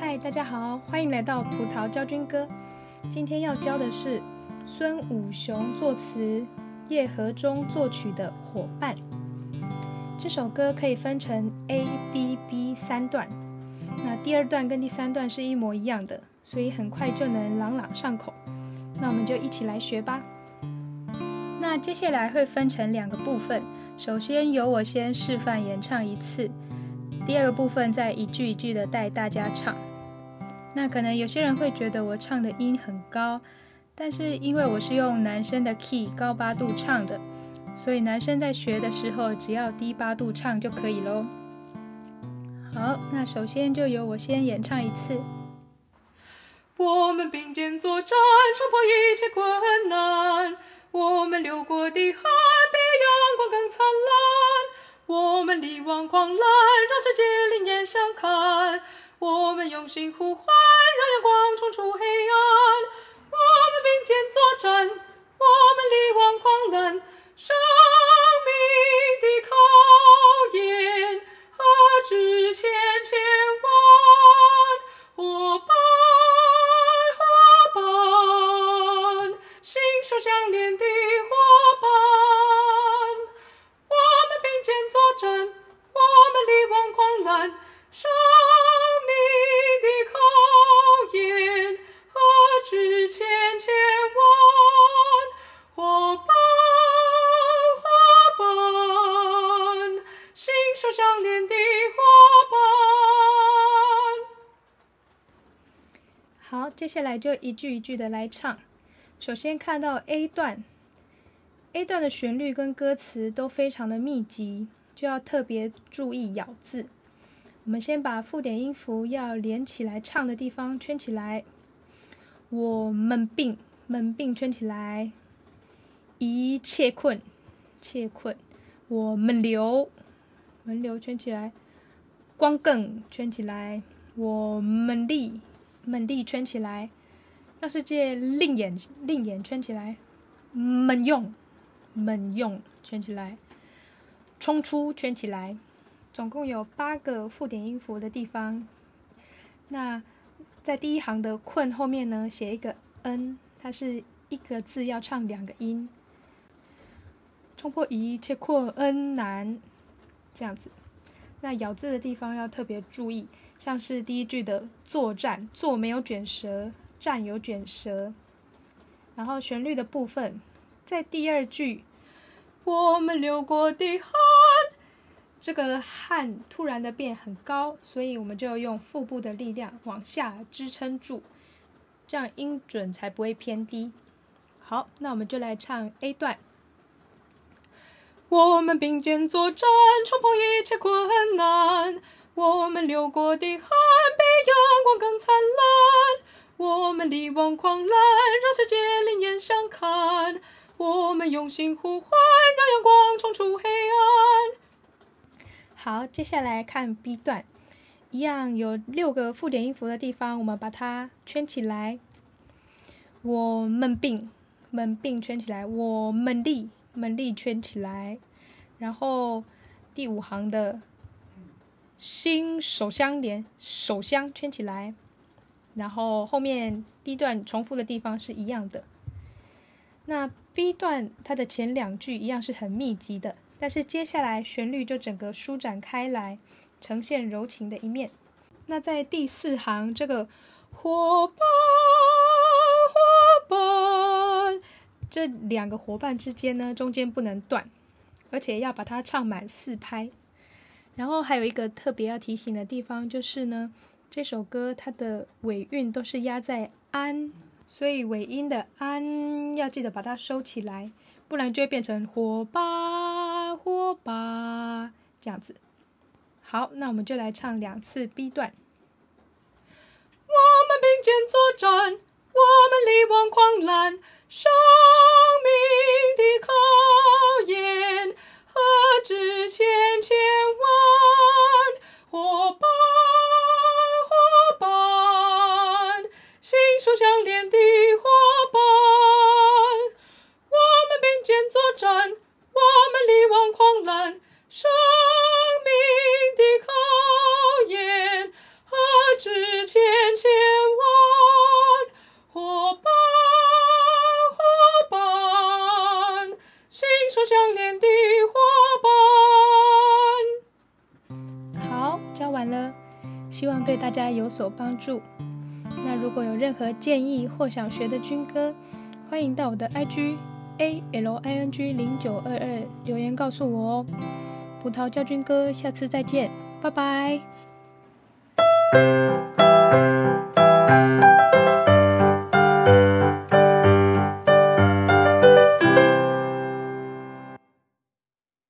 嗨，Hi, 大家好，歡迎來到葡萄教軍歌。今天要教的是孫武雄作詞、葉和中作曲的《夥伴》。這首歌可以分成 A B B 三段，那第二段跟第三段是一模一樣的，所以很快就能朗朗上口。那我們就一起來學吧。那接下來會分成兩個部分，首先由我先示範演唱一次，第二個部分再一句一句的帶大家唱。那可能有些人會覺得我唱的音很高，但是因為我是用男生的 key 高八度唱的，所以男生在學的時候只要低八度唱就可以嘍。好，那首先就由我先演唱一次。我們並肩作戰，衝破一切困難。我們流過的汗比陽光更燦爛，我們力挽狂瀾，讓世界另眼相看。我們用心呼喚，讓陽光衝出黑暗。我們並肩作戰，我們力挽。手相連的伙伴。好，接下來就一句一句的來唱。首先看到 A 段，A 段的旋律跟歌詞都非常的密集，就要特別注意咬字。我們先把附點音符要連起來唱的地方圈起來。我們並，我們並圈起來，一切困，切困，我們流。們流圈起來，光更圈起來，們力們力圈起來，讓世界另眼另眼圈起來，們用們用圈起來，衝出圈起來，總共有八個附點音符的地方。那在第一行的困後面呢，寫一個 n，它是一個字要唱兩個音。衝破一切困 n 難。這樣子，那咬字的地方要特別注意，像是第一句的“作戰”，“作”沒有卷舌，“戰”有卷舌。然後旋律的部分，在第二句“我們流過的汗”，這個“汗”突然的變很高，所以我們就要用腹部的力量往下支撐住，這樣音準才不會偏低。好，那我們就來唱 A 段。我們並肩作戰，衝破一切困難。我們流過的汗比陽光更燦爛。我們力挽狂瀾，讓世界另眼相看。我們用心呼喚，讓陽光衝出黑暗。好，接下來看 B 段，一樣有六個附點音符的地方，我們把它圈起來。我們並，我們並圈起來，我們力。門力圈起來，然後第五行的心手相連，手相圈起來，然後後面 B 段重複的地方是一樣的。那 B 段它的前兩句一樣是很密集的，但是接下來旋律就整個舒展開來，呈現柔情的一面。那在第四行這個，伙伴這兩個伙伴之間呢，中間不能斷，而且要把它唱滿四拍。然後還有一個特別要提醒的地方就是呢，這首歌它的尾韻都是押在“安”，所以尾音的“安”要記得把它收起來，不然就會變成“火吧火吧”這樣子。好，那我們就來唱兩次 B 段。我們並肩作戰，我們力挽狂瀾。生命的考驗，何止千千萬，伙伴，伙伴，心手相連的。手相連的伙伴。好，教完了，希望對大家有所幫助。那如果有任何建議或想學的軍歌，歡迎到我的 IG、A、L、I、N、G 零九二二留言告訴我哦。葡萄教軍歌，下次再見，拜拜。